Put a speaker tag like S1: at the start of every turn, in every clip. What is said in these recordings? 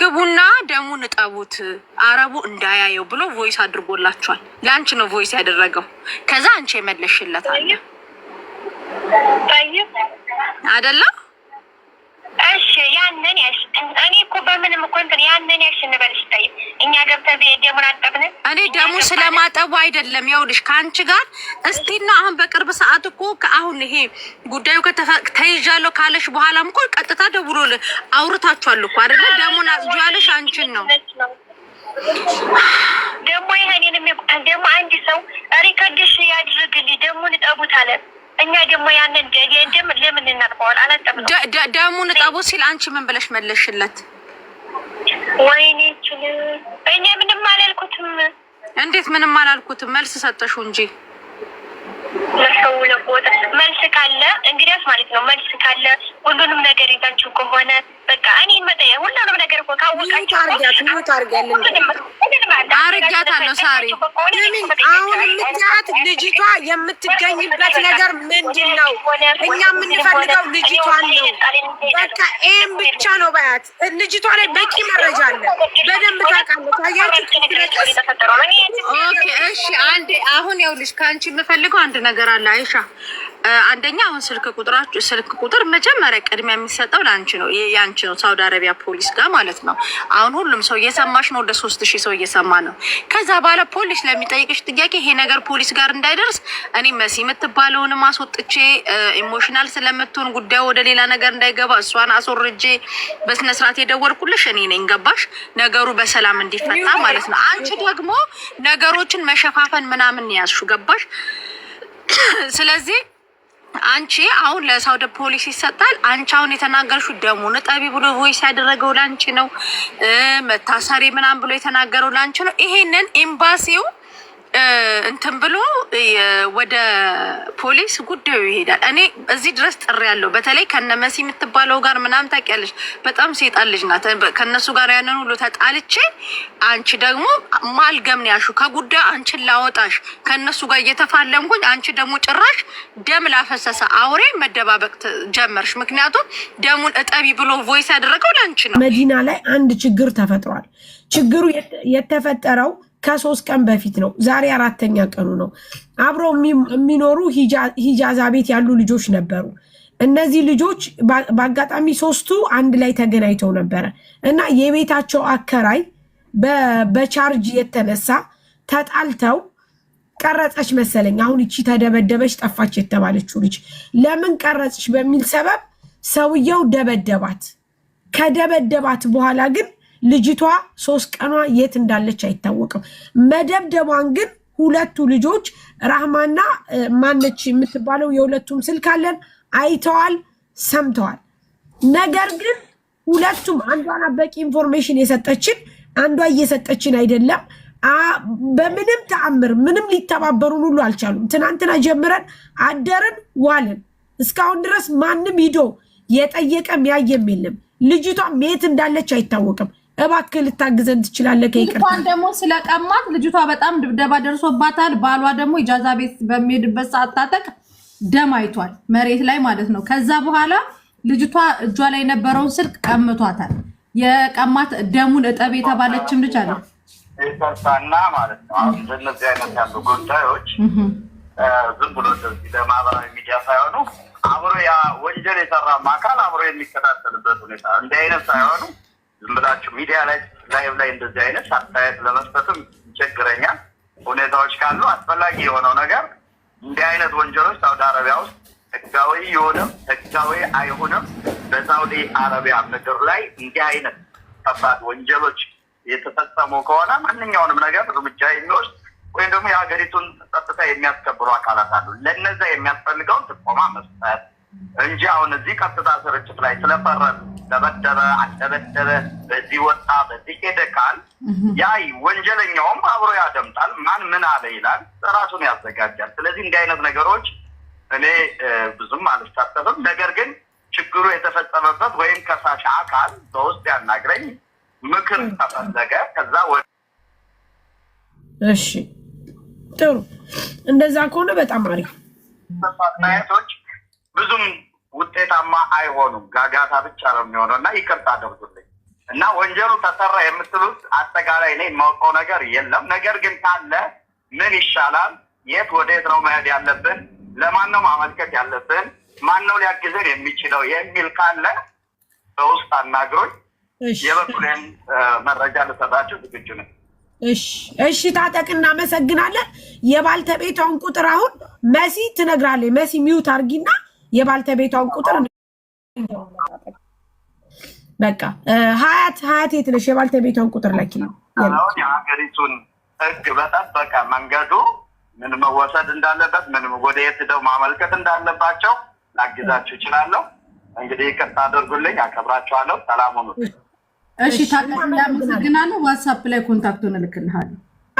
S1: ግቡና ደሙን እጠቡት አረቡ እንዳያየው ብሎ ቮይስ አድርጎላቸዋል። ለአንቺ ነው ቮይስ ያደረገው። ከዛ አንቺ የመለሽለት አለ አይደለም
S2: እሺ ያንን ያሽ እኔ እኮ በምንም እኮ እንትን ያንን ያሽ እንበልሽ ሲታይ እኛ ገብተን ብሄድ ደሙን አጠብን።
S1: እኔ ደሙ ስለማጠቡ አይደለም። ይኸውልሽ ከአንቺ ጋር እስቲ ና አሁን በቅርብ ሰዓት እኮ ከአሁን ይሄ ጉዳዩ ተይዣለሁ ካለሽ በኋላም እኮ ቀጥታ ደውሎ አውርታችኋል እኮ አደለ? ደሙን አጽጁ ያለሽ አንቺን ነው።
S2: ደግሞ ይህንን ደግሞ አንድ ሰው ሪከርድሽ ያድርግልኝ ደሙን እጠቡት አለን እኛ ደግሞ ያንን ደም ለምን እናጥበዋል? አላጠብነው።
S1: ደሙን እጠቡ ሲል አንቺ ምን ብለሽ መለሽለት?
S2: ወይኔ እኔ ምንም አላልኩትም።
S1: እንዴት ምንም አላልኩትም? መልስ ሰጠሹ እንጂ
S2: መልስ ካለ እንግዲያስ ማለት ነው መልስ ካለ ሁሉንም ነገር ይዛችሁ ከሆነ በቃ እኔ ሁሉንም ነገር እኮ
S1: ሳሪ አሁን የምትያት ልጅቷ የምትገኝበት ነገር ምንድን ነው? እኛ የምንፈልገው ልጅቷን ነው። በቃ ይህም ብቻ ነው። በያት ልጅቷ ላይ በቂ መረጃ አለ። በደንብ ታውቃለች። እሺ፣ አንዴ አሁን ያው ልጅ ከአንቺ የምፈልገው አንድ ነገር አለ አይሻ አንደኛ አሁን ስልክ ቁጥራችሁ ስልክ ቁጥር መጀመሪያ ቅድሚያ የሚሰጠው ለአንቺ ነው የአንቺ ነው፣ ሳውዲ አረቢያ ፖሊስ ጋር ማለት ነው። አሁን ሁሉም ሰው እየሰማሽ ነው፣ ወደ ሶስት ሺህ ሰው እየሰማ ነው። ከዛ በኋላ ፖሊስ ለሚጠይቅሽ ጥያቄ ይሄ ነገር ፖሊስ ጋር እንዳይደርስ እኔ መሲ የምትባለውን አስወጥቼ ኢሞሽናል ስለምትሆን ጉዳዩ ወደ ሌላ ነገር እንዳይገባ እሷን አስወርጄ በስነስርዓት የደወልኩልሽ እኔ ነኝ። ገባሽ? ነገሩ በሰላም እንዲፈታ ማለት ነው። አንቺ ደግሞ ነገሮችን መሸፋፈን ምናምን ያዝሹ። ገባሽ? ስለዚህ አንቺ አሁን ለሳውዲ ፖሊስ ይሰጣል። አንቺ አሁን የተናገርሽው ደሞ ንጠቢ ብሎ ቮይስ ያደረገው ላንቺ ነው። መታሰሪ ምናምን ብሎ የተናገረው ላንቺ ነው። ይሄንን ኤምባሲው እንትን ብሎ ወደ ፖሊስ ጉዳዩ ይሄዳል። እኔ እዚህ ድረስ ጥሪ ያለው በተለይ ከነ መሲ የምትባለው ጋር ምናምን ታውቂያለሽ፣ በጣም ሴጣን ልጅ ናት። ከእነሱ ጋር ያንን ሁሉ ተጣልቼ አንቺ ደግሞ ማልገም ነው ያሹ ከጉዳዩ አንቺን ላወጣሽ ከእነሱ ጋር እየተፋለምኩኝ አንቺ ደግሞ ጭራሽ ደም ላፈሰሰ አውሬ መደባበቅ ጀመርሽ። ምክንያቱም ደሙን እጠቢ ብሎ ቮይስ ያደረገው ለአንቺ ነው። መዲና ላይ አንድ ችግር ተፈጥሯል። ችግሩ የተፈጠረው ከሶስት ቀን በፊት ነው። ዛሬ አራተኛ ቀኑ ነው። አብረው የሚኖሩ ሂጃዛ ቤት ያሉ ልጆች ነበሩ። እነዚህ ልጆች በአጋጣሚ ሶስቱ አንድ ላይ ተገናኝተው ነበረ እና የቤታቸው አከራይ በቻርጅ የተነሳ ተጣልተው ቀረጸች መሰለኝ። አሁን እቺ ተደበደበች ጠፋች የተባለችው ልጅ ለምን ቀረጽች በሚል ሰበብ ሰውየው ደበደባት። ከደበደባት በኋላ ግን ልጅቷ ሶስት ቀኗ የት እንዳለች አይታወቅም። መደብደቧን ግን ሁለቱ ልጆች ራህማና ማነች የምትባለው የሁለቱም ስልክ አለን አይተዋል፣ ሰምተዋል። ነገር ግን ሁለቱም አንዷን በቂ ኢንፎርሜሽን የሰጠችን አንዷ እየሰጠችን አይደለም። በምንም ተአምር ምንም ሊተባበሩን ሁሉ አልቻሉም። ትናንትና ጀምረን አደርን ዋልን። እስካሁን ድረስ ማንም ሂዶ የጠየቀም ያየም የለም። ልጅቷም የት እንዳለች አይታወቅም። እባክህ ልታግዘን ትችላለህ? ከይቅርታን ደግሞ ስለቀማት ልጅቷ በጣም ድብደባ ደርሶባታል። ባሏ ደግሞ ኢጃዛ ቤት በሚሄድበት ሰዓት ታጠቅ ደም አይቷል፣ መሬት ላይ ማለት ነው። ከዛ በኋላ ልጅቷ እጇ ላይ የነበረውን ስልክ ቀምቷታል። የቀማት ደሙን እጠብ የተባለችም ልጅ አለ።
S3: ይቅርታና ማለት ነው አሁን በእነዚህ አይነት ያሉ ጉዳዮች ዝም ብሎ እንደዚህ ለማህበራዊ ሚዲያ ሳይሆኑ አብሮ ያ ወንጀል የሰራም አካል አብሮ የሚከታተልበት ሁኔታ እንዲህ አይነት ሳይሆኑ ዝም ብላችሁ ሚዲያ ላይ ላይቭ ላይ እንደዚህ አይነት አስተያየት ለመስጠትም ይቸግረኛል። ሁኔታዎች ካሉ አስፈላጊ የሆነው ነገር እንዲህ አይነት ወንጀሎች ሳውዲ አረቢያ ውስጥ ህጋዊ የሆነም ህጋዊ አይሆንም በሳውዲ አረቢያ ምድር ላይ እንዲህ አይነት ከባድ ወንጀሎች የተፈጸሙ ከሆነ ማንኛውንም ነገር እርምጃ የሚወስድ ወይም ደግሞ የሀገሪቱን ጸጥታ የሚያስከብሩ አካላት አሉ። ለነዛ የሚያስፈልገውን ጥቆማ መስጠት እንጂ አሁን እዚህ ቀጥታ ስርጭት ላይ ስለፈረም ተበደበ አልተበደበ በዚህ ወጣ በዚህ ሄደ ካል ያይ ወንጀለኛውም አብሮ ያደምጣል። ማን ምን አለ ይላል፣ ራሱን ያዘጋጃል። ስለዚህ እንዲህ አይነት ነገሮች እኔ ብዙም አልሳተፍም። ነገር ግን ችግሩ የተፈጸመበት ወይም ከሳሽ አካል በውስጥ ያናግረኝ፣ ምክር ተፈለገ ከዛ ወ
S1: እሺ ጥሩ እንደዛ ከሆነ በጣም አሪፍ
S3: ናየቶች ብዙም ውጤታማ አይሆኑም። ጋጋታ ብቻ ነው የሚሆነው እና ይቅርታ አድርጉልኝ እና ወንጀሉ ተሰራ የምትሉት አጠቃላይ ላይ የማውቀው ነገር የለም። ነገር ግን ካለ ምን ይሻላል? የት ወደየት ነው መሄድ ያለብን? ለማን ነው ማመልከት ያለብን? ማን ነው ሊያግዘን የሚችለው የሚል ካለ በውስጥ አናግሮኝ የበኩሌን መረጃ ልሰጣቸው ዝግጁ ነኝ።
S1: እሺ ታጠቅ፣ እናመሰግናለን። የባልተቤቷን ቁጥር አሁን መሲ ትነግራለች። መሲ ሚዩት አርጊና የባልተቤቷን ቁጥር በቃ ሀያት ሀያት የት ነሽ? የባልተቤቷን ቁጥር ለኪ ነው
S3: አሁን የሀገሪቱን ሕግ በጠበቀ መንገዱ ምን መወሰድ እንዳለበት ምን ወደ የት ደው ማመልከት እንዳለባቸው ላግዛችሁ እችላለሁ። እንግዲህ ይቅርታ አድርጉልኝ። አከብራችኋለሁ። ሰላም ሁኑ።
S1: እሺ ታመሰግናለሁ። ዋትሳፕ ላይ ኮንታክቱን እልክልሃለሁ።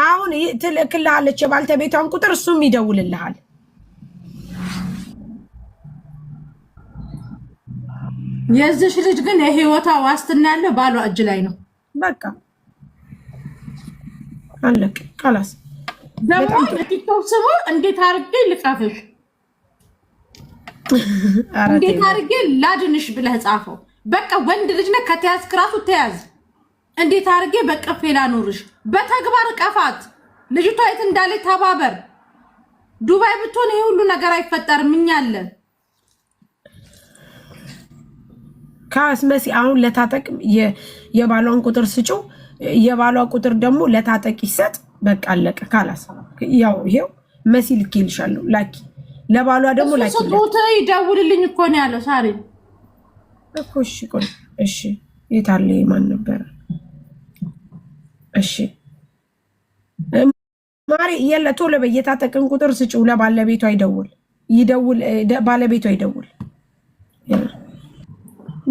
S1: አሁን ትልክልሃለች የባልተቤቷን ቁጥር እሱም ይደውልልሃል። የዚሽ ልጅ ግን የህይወቷ ዋስትና ያለው ባሏ እጅ ላይ ነው። በቃ አለቅ ቀላስ ደግሞ ለቲክቶክ ስሙ እንዴት አርጌ ልጻፍሽ፣ እንዴት አርጌ ላድንሽ ብለህ ጻፈው። በቃ ወንድ ልጅ ነህ ከተያዝ ራሱ ተያዝ። እንዴት አርጌ በቀፌ ላኑርሽ፣ በተግባር ቀፋት። ልጅቷ የት እንዳለች ተባበር። ዱባይ ብትሆን ይህ ሁሉ ነገር አይፈጠርም። እኛ አለን ከአስመሲ አሁን ለታጠቅ የባሏን ቁጥር ስጩ፣ የባሏ ቁጥር ደግሞ ለታጠቅ ይሰጥ። በቃ አለቀ። ካላስ ያው ይሄው መሲ ልኬልሻለሁ ላኪ። ለባሏ ደግሞ ላኪ። ሱቡት ይደውልልኝ እኮ ነው ያለው ሳሪ እኮ። እሺ ቆይ እሺ፣ የታለ ማን ነበረ? እሺ ማሪ የለ ቶሎ በየታጠቅን ቁጥር ስጩ። ለባለቤቷ ይደውል ይደውል፣ ባለቤቷ ይደውል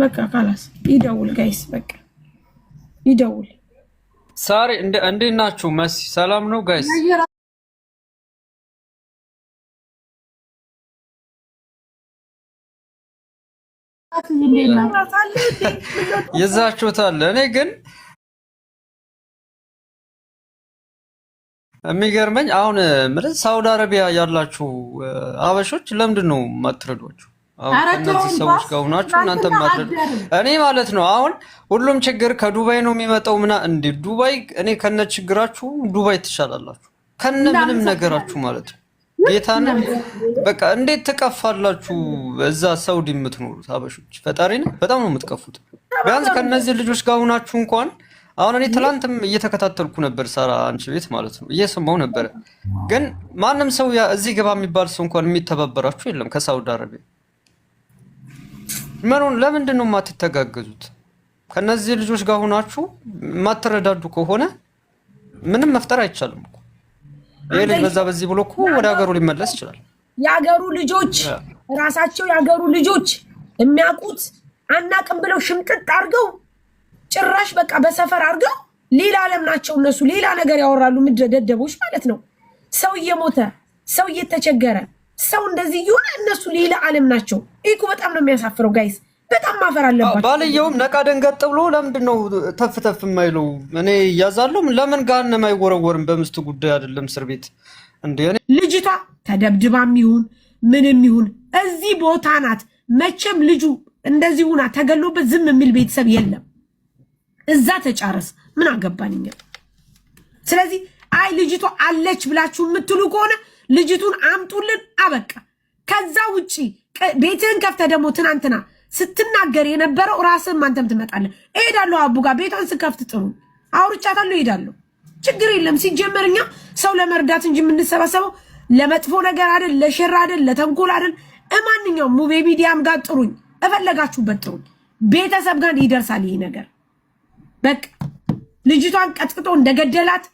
S1: በቃ ካላስ ይደውል፣ ጋይስ በቃ ይደውል።
S4: ሳሪ እንዴት ናችሁ? መሲ ሰላም ነው ጋይስ? ይዛችሁታል። እኔ ግን የሚገርመኝ አሁን ምን ሳውዲ አረቢያ ያላችሁ አበሾች ለምንድን ነው ማትረዷችሁ? እነዚህ ሰዎች ጋር ሆናችሁ እናንተ ማድረግ እኔ ማለት ነው። አሁን ሁሉም ችግር ከዱባይ ነው የሚመጣው። ምና እንዴ ዱባይ እኔ ከነ ችግራችሁ ዱባይ ትሻላላችሁ፣ ከነ ምንም ነገራችሁ ማለት ነው። ጌታን በቃ እንዴት ትቀፋላችሁ? እዛ ሳውዲ የምትኖሩት አበሾች ፈጣሪ ነው፣ በጣም ነው የምትቀፉት። ቢያንስ ከነዚህ ልጆች ጋር ሆናችሁ እንኳን አሁን እኔ ትላንትም እየተከታተልኩ ነበር፣ ሳራ አንቺ ቤት ማለት ነው እየሰማው ነበረ። ግን ማንም ሰው እዚህ ግባ የሚባል ሰው እንኳን የሚተባበራችሁ የለም ከሳውዲ አረቢያ ምኑን ለምንድን ነው የማትተጋገዙት? ከነዚህ ልጆች ጋር ሆናችሁ የማትረዳዱ ከሆነ ምንም መፍጠር አይቻልም እኮ። ይሄ ልጅ በዛ በዚህ ብሎ እኮ ወደ ሀገሩ ሊመለስ ይችላል።
S1: የሀገሩ ልጆች ራሳቸው የሀገሩ ልጆች የሚያውቁት አናቅም ብለው ሽምጥጥ አድርገው ጭራሽ በቃ በሰፈር አድርገው ሌላ ዓለም ናቸው እነሱ። ሌላ ነገር ያወራሉ። ምድረ ደደቦች ማለት ነው። ሰው እየሞተ ሰው እየተቸገረ ሰው እንደዚህ የሆነ እነሱ ሌላ ዓለም ናቸው። ይህ በጣም ነው የሚያሳፍረው ጋይስ። በጣም ማፈር አለባቸው።
S4: ባልየውም ነቃ ደንገጥ ብሎ ለምንድን ነው ተፍ ተፍ የማይለው? እኔ እያዛለሁ ለምን ጋን አይወረወርም? በምስት ጉዳይ አይደለም እስር ቤት
S1: እንደ ልጅቷ ተደብድባም ይሁን ምንም ይሁን እዚህ ቦታ ናት። መቼም ልጁ እንደዚህ ሁና ተገሎበት ዝም የሚል ቤተሰብ የለም። እዛ ተጫረስ ምን አገባንኛል። ስለዚህ አይ ልጅቷ አለች ብላችሁ የምትሉ ከሆነ ልጅቱን አምጡልን፣ አበቃ። ከዛ ውጪ ቤትህን ከፍተ ደግሞ ትናንትና ስትናገር የነበረው ራስህም አንተም ትመጣለህ። እሄዳለሁ አቡ ጋር ቤቷን ስከፍት ጥሩ አውርቻታለሁ፣ እሄዳለሁ። ችግር የለም። ሲጀመር እኛ ሰው ለመርዳት እንጂ የምንሰባሰበው ለመጥፎ ነገር አይደል፣ ለሸራ አይደል፣ ለተንኮል አይደል። እማንኛውም ሙቤ ሚዲያም ጋር ጥሩኝ፣ እፈለጋችሁበት ጥሩኝ። ቤተሰብ ጋር ይደርሳል ይሄ ነገር። በቃ ልጅቷን ቀጥቅጦ እንደገደላት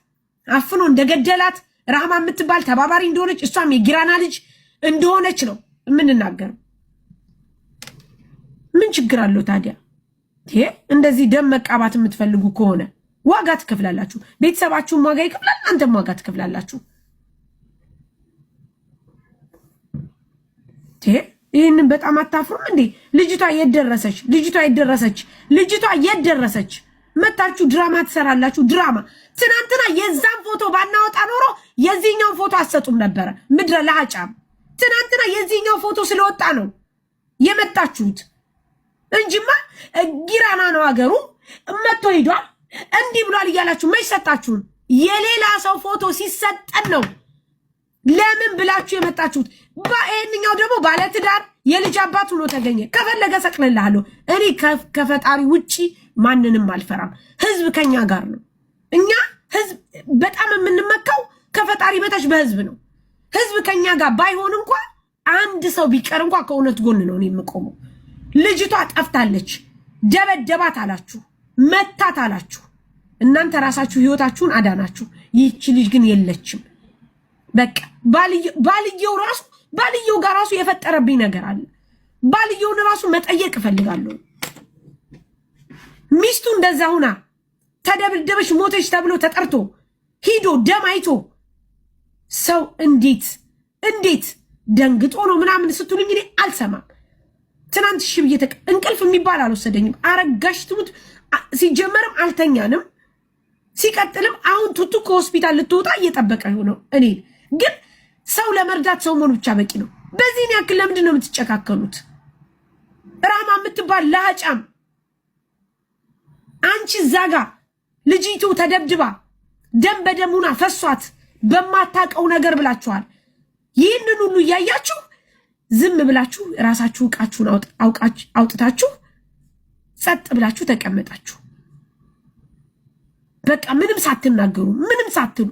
S1: አፍኖ እንደገደላት ረሃማ የምትባል ተባባሪ እንደሆነች እሷም የጊራና ልጅ እንደሆነች ነው የምንናገረው። ምን ችግር አለው ታዲያ? ይሄ እንደዚህ ደም መቃባት የምትፈልጉ ከሆነ ዋጋ ትከፍላላችሁ። ቤተሰባችሁም ዋጋ ይከፍላል፣ አንተም ዋጋ ትከፍላላችሁ። ይህንን በጣም አታፍሩም እንዴ? ልጅቷ የት ደረሰች? ልጅቷ የት ደረሰች? ልጅቷ የት ደረሰች? መጣችሁ ድራማ ትሰራላችሁ። ድራማ ትናንትና የዛን ፎቶ ባናወጣ ኖሮ የዚህኛውን ፎቶ አሰጡም ነበረ። ምድረ ለአጫም ትናንትና የዚህኛው ፎቶ ስለወጣ ነው የመጣችሁት እንጂማ ጊራና ነው ሀገሩ መቶ ሂዷል እንዲህ ብሏል እያላችሁ መች ሰጣችሁን? የሌላ ሰው ፎቶ ሲሰጠን ነው ለምን ብላችሁ የመጣችሁት? ይሄንኛው ደግሞ ባለትዳር የልጅ አባት ሆኖ ተገኘ። ከፈለገ ሰቅልልሃለሁ። እኔ ከፈጣሪ ውጪ ማንንም አልፈራም። ህዝብ ከኛ ጋር ነው። እኛ ህዝብ በጣም የምንመካው ከፈጣሪ በታች በህዝብ ነው። ህዝብ ከኛ ጋር ባይሆን እንኳ አንድ ሰው ቢቀር እንኳ ከእውነት ጎን ነው የምቆመው። ልጅቷ ጠፍታለች። ደበደባት አላችሁ፣ መታት አላችሁ። እናንተ ራሳችሁ ህይወታችሁን አዳናችሁ። ይህች ልጅ ግን የለችም። በቃ ባልየው ራሱ ባልየው ጋር ራሱ የፈጠረብኝ ነገር አለ። ባልየውን ራሱ መጠየቅ እፈልጋለሁ። ሚስቱ እንደዛ ሁና ተደብደበች ሞተች ተብሎ ተጠርቶ ሂዶ ደም አይቶ ሰው እንዴት እንዴት ደንግጦ ነው ምናምን ስትሉኝ እኔ አልሰማም። ትናንት ሺ ብዬ እንቅልፍ የሚባል አልወሰደኝም። አረጋሽ ትሙት ሲጀመርም አልተኛንም። ሲቀጥልም አሁን ቱቱ ከሆስፒታል ልትወጣ እየጠበቀ ነው እኔ ግን ሰው ለመርዳት ሰው መሆኑ ብቻ በቂ ነው። በዚህን ያክል ለምንድን ነው የምትጨካከሉት? ራማ የምትባል ለሀጫም አንቺ እዛ ጋ ልጅቱ ተደብድባ ደም በደሙና ፈሷት በማታቀው ነገር ብላችኋል። ይህንን ሁሉ እያያችሁ ዝም ብላችሁ ራሳችሁ እቃችሁን አውጥታችሁ ጸጥ ብላችሁ ተቀመጣችሁ። በቃ ምንም ሳትናገሩ ምንም ሳትሉ